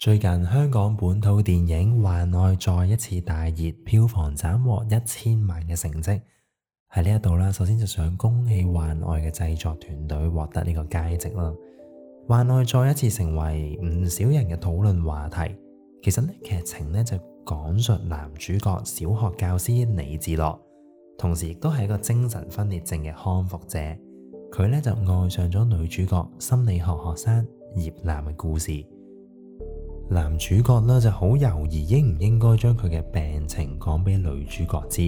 最近香港本土電影《幻愛》再一次大熱，票房斬獲一千萬嘅成績，喺呢一度啦。首先就想恭喜《幻愛》嘅製作團隊獲得呢個佳績啦，《幻愛》再一次成為唔少人嘅討論話題。其實呢，劇情呢，就講述男主角小學教師李志樂，同時亦都係一個精神分裂症嘅康復者，佢呢，就愛上咗女主角心理學學生葉楠嘅故事。男主角呢就好猶豫應唔應該將佢嘅病情講俾女主角知，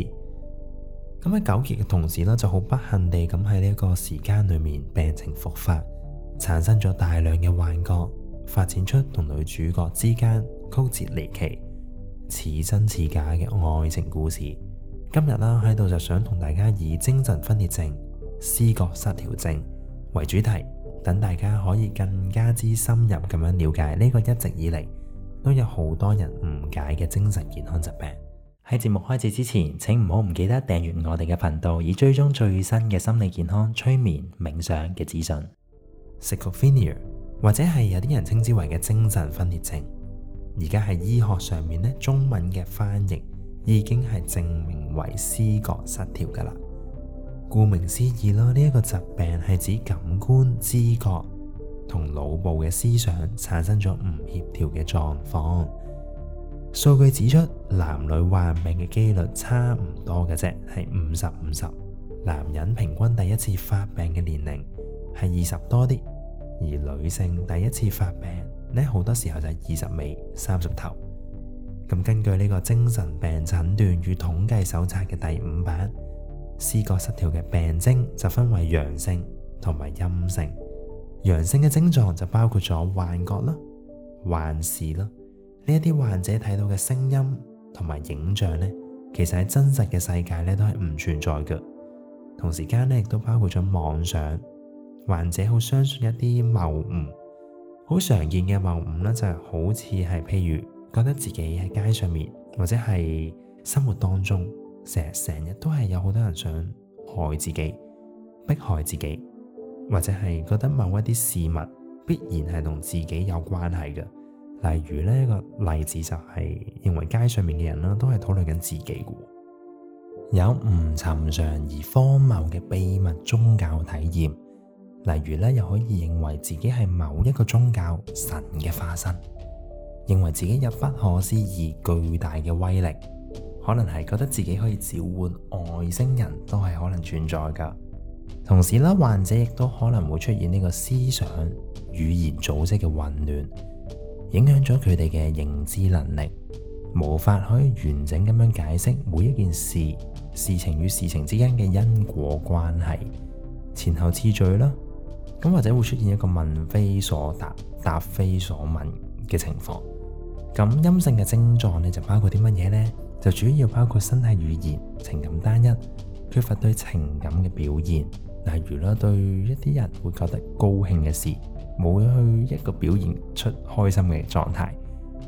咁喺糾結嘅同時呢，就好不幸地咁喺呢一個時間裏面病情復發，產生咗大量嘅幻覺，發展出同女主角之間曲折離奇、似真似假嘅愛情故事。今日啦喺度就想同大家以精神分裂症、思覺失調症為主題。等大家可以更加之深入咁樣了解呢個一直以嚟都有好多人誤解嘅精神健康疾病。喺節目開始之前，請唔好唔記得訂閱我哋嘅頻道，以追蹤最新嘅心理健康、催眠、冥想嘅資訊。思覺失調或者係有啲人稱之為嘅精神分裂症，而家係醫學上面呢，中文嘅翻譯已經係證明為思覺失調噶啦。顧名思義啦，呢一個疾病係指感官知覺同腦部嘅思想產生咗唔協調嘅狀況。數據指出，男女患病嘅幾率差唔多嘅啫，係五十五十。男人平均第一次發病嘅年齡係二十多啲，而女性第一次發病呢，好多時候就係二十尾三十頭。咁根據呢個精神病診斷與統計手冊嘅第五版。思覺失調嘅病徵就分為陽性同埋陰性。陽性嘅症狀就包括咗幻覺啦、幻視啦，呢一啲患者睇到嘅聲音同埋影像咧，其實喺真實嘅世界咧都係唔存在嘅。同時間咧亦都包括咗妄想，患者好相信一啲謬誤。好常見嘅謬誤咧就係好似係，譬如覺得自己喺街上面或者係生活當中，成日成日都係有好多人想害自己、迫害自己，或者係覺得某一啲事物必然係同自己有關係嘅。例如呢個例子就係認為街上面嘅人啦，都係討論緊自己嘅。有唔尋常而荒謬嘅秘密宗教體驗，例如咧又可以認為自己係某一個宗教神嘅化身，認為自己有不可思議巨大嘅威力。可能係覺得自己可以召喚外星人都係可能存在㗎。同時啦，患者亦都可能會出現呢個思想語言組織嘅混亂，影響咗佢哋嘅認知能力，無法可以完整咁樣解釋每一件事，事情與事情之間嘅因果關係、前後次序啦。咁或者會出現一個問非所答，答非所問嘅情況。咁陰性嘅症狀呢，就包括啲乜嘢呢？就主要包括身體語言、情感單一、缺乏對情感嘅表現，例如啦，對一啲人會覺得高興嘅事，冇去一個表現出開心嘅狀態，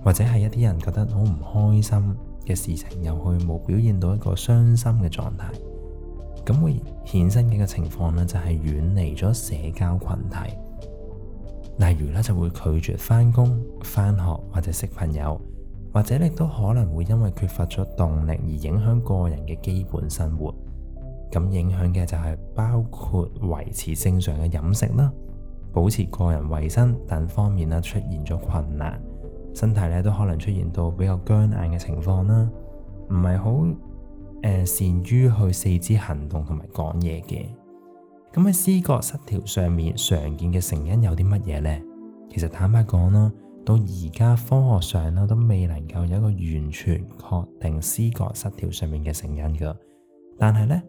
或者係一啲人覺得好唔開心嘅事情，又去冇表現到一個傷心嘅狀態，咁會衍生嘅個情況咧，就係遠離咗社交群體，例如咧就會拒絕翻工、翻學或者識朋友。或者你都可能會因為缺乏咗動力而影響個人嘅基本生活，咁影響嘅就係包括維持正常嘅飲食啦、保持個人衞生等方面啦出現咗困難，身體咧都可能出現到比較僵硬嘅情況啦，唔係好誒善於去四肢行動同埋講嘢嘅。咁喺思覺失調上面常見嘅成因有啲乜嘢呢？其實坦白講啦。到而家，科學上咧都未能夠有一個完全確定思覺失調上面嘅成因嘅，但係呢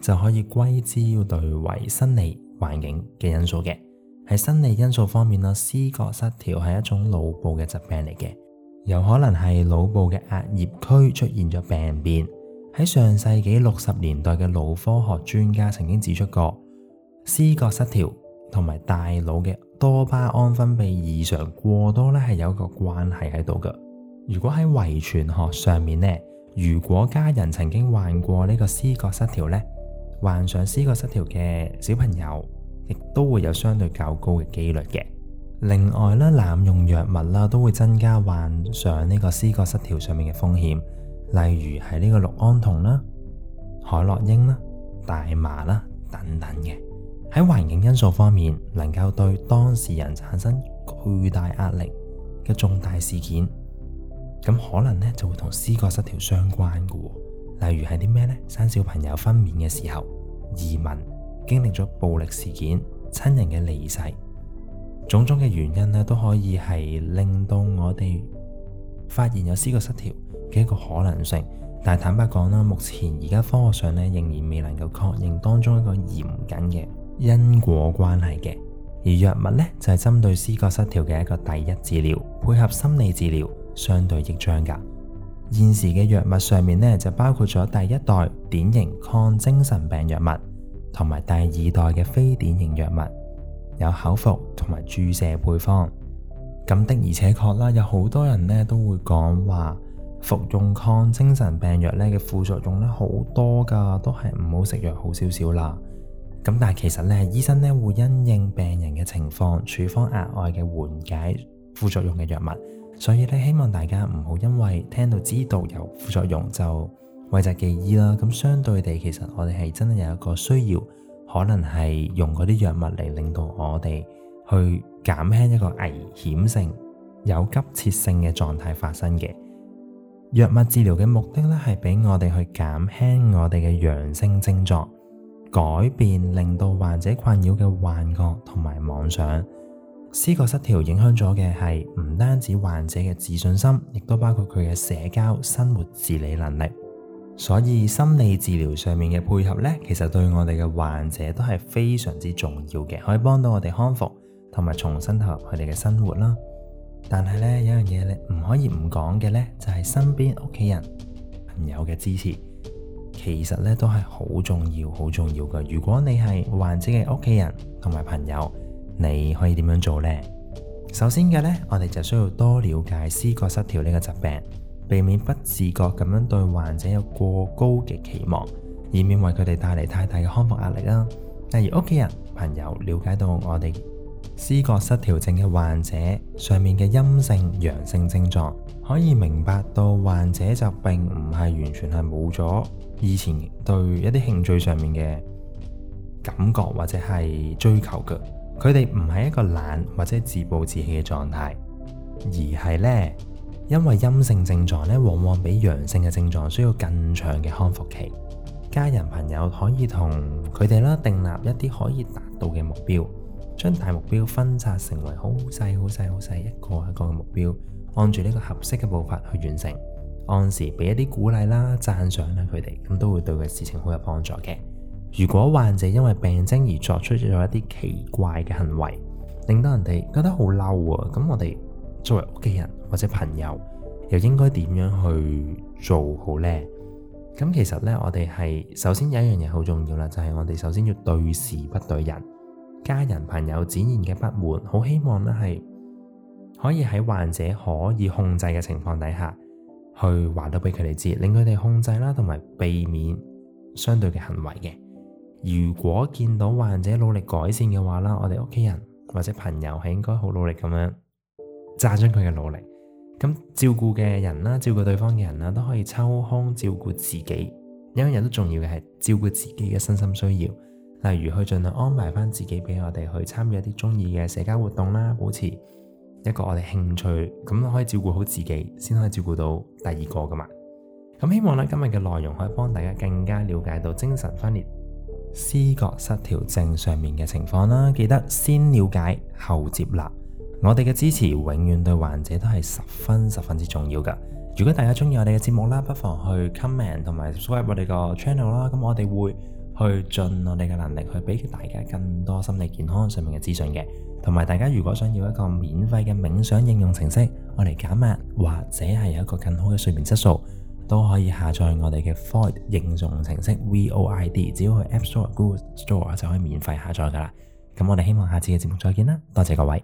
就可以歸之於為生理環境嘅因素嘅。喺生理因素方面啦，思覺失調係一種腦部嘅疾病嚟嘅，有可能係腦部嘅額葉區出現咗病變。喺上世紀六十年代嘅腦科學專家曾經指出過，思覺失調同埋大腦嘅多巴胺分泌異常過多咧，係有一個關係喺度嘅。如果喺遺傳學上面呢，如果家人曾經患過呢個思覺失調呢，患上思覺失調嘅小朋友，亦都會有相對較高嘅機率嘅。另外咧，濫用藥物啦，都會增加患上呢個思覺失調上面嘅風險，例如係呢個氯胺酮啦、海洛因啦、大麻啦等等嘅。喺環境因素方面，能夠對當事人產生巨大壓力嘅重大事件，咁可能呢就會同思覺失調相關嘅。例如係啲咩呢？生小朋友分娩嘅時候，移民，經歷咗暴力事件，親人嘅離世，種種嘅原因呢都可以係令到我哋發現有思覺失調嘅一個可能性。但係坦白講啦，目前而家科學上呢，仍然未能夠確認當中一個嚴謹嘅。因果關係嘅，而藥物呢，就係針對思覺失調嘅一個第一治療，配合心理治療相對益彰噶。現時嘅藥物上面呢，就包括咗第一代典型抗精神病藥物，同埋第二代嘅非典型藥物，有口服同埋注射配方。咁的而且確啦，有好多人呢都會講話服用抗精神病藥呢嘅副作用呢，好多噶，都係唔好食藥好少少啦。咁但係其實咧，醫生咧會因應病人嘅情況，處方額外嘅緩解副作用嘅藥物。所以咧，希望大家唔好因為聽到知道有副作用就諱疾忌醫啦。咁相對地，其實我哋係真係有一個需要，可能係用嗰啲藥物嚟令到我哋去減輕一個危險性、有急切性嘅狀態發生嘅藥物治療嘅目的咧，係俾我哋去減輕我哋嘅陽性症狀。改變令到患者困擾嘅幻覺同埋妄想、思覺失調，影響咗嘅係唔單止患者嘅自信心，亦都包括佢嘅社交、生活自理能力。所以心理治療上面嘅配合呢，其實對我哋嘅患者都係非常之重要嘅，可以幫到我哋康復同埋重新投入佢哋嘅生活啦。但係呢，有樣嘢你唔可以唔講嘅呢，就係身邊屋企人、朋友嘅支持。其實咧都係好重要，好重要噶。如果你係患者嘅屋企人同埋朋友，你可以點樣做呢？首先嘅呢，我哋就需要多了解思覺失調呢個疾病，避免不自覺咁樣對患者有過高嘅期望，以免為佢哋帶嚟太大嘅康復壓力啦。例如屋企人、朋友了解到我哋。思覺失調症嘅患者，上面嘅陰性、陽性症狀，可以明白到患者就並唔係完全係冇咗以前對一啲興趣上面嘅感覺或者係追求嘅。佢哋唔係一個懶或者自暴自棄嘅狀態，而係呢，因為陰性症狀呢，往往比陽性嘅症狀需要更長嘅康復期。家人朋友可以同佢哋啦訂立一啲可以達到嘅目標。將大目標分拆成為好細、好細、好細一個一個嘅目標，按住呢個合適嘅步伐去完成，按時俾一啲鼓勵啦、讚賞啦佢哋，咁都會對佢事情好有幫助嘅。如果患者因為病徵而作出咗一啲奇怪嘅行為，令到人哋覺得好嬲啊，咁我哋作為屋企人或者朋友，又應該點樣去做好呢？咁其實呢，我哋係首先有一樣嘢好重要啦，就係我哋首先要對事不對人。家人朋友展現嘅不滿，好希望呢係可以喺患者可以控制嘅情況底下，去話到俾佢哋知，令佢哋控制啦，同埋避免相對嘅行為嘅。如果見到患者努力改善嘅話啦，我哋屋企人或者朋友係應該好努力咁樣讚賞佢嘅努力。咁照顧嘅人啦，照顧對方嘅人啦，都可以抽空照顧自己，因為人都重要嘅係照顧自己嘅身心需要。例如去儘量安排返自己俾我哋去參與一啲鍾意嘅社交活動啦，保持一個我哋興趣，咁可以照顧好自己，先可以照顧到第二個㗎嘛。咁希望呢今日嘅內容可以幫大家更加了解到精神分裂、思覺失調症上面嘅情況啦。記得先了解後接納，我哋嘅支持永遠對患者都係十分十分之重要㗎。如果大家鍾意我哋嘅節目啦，不妨去 comment 同埋 subscribe 我哋個 channel 啦。咁我哋會，去盡我哋嘅能力去俾大家更多心理健康上面嘅資訊嘅，同埋大家如果想要一個免費嘅冥想應用程式，我嚟減壓或者係有一個更好嘅睡眠質素，都可以下載我哋嘅 VOID 應用程式 V O I D，只要去 App Store Google Store 就可以免費下載噶啦。咁我哋希望下次嘅節目再見啦，多謝各位。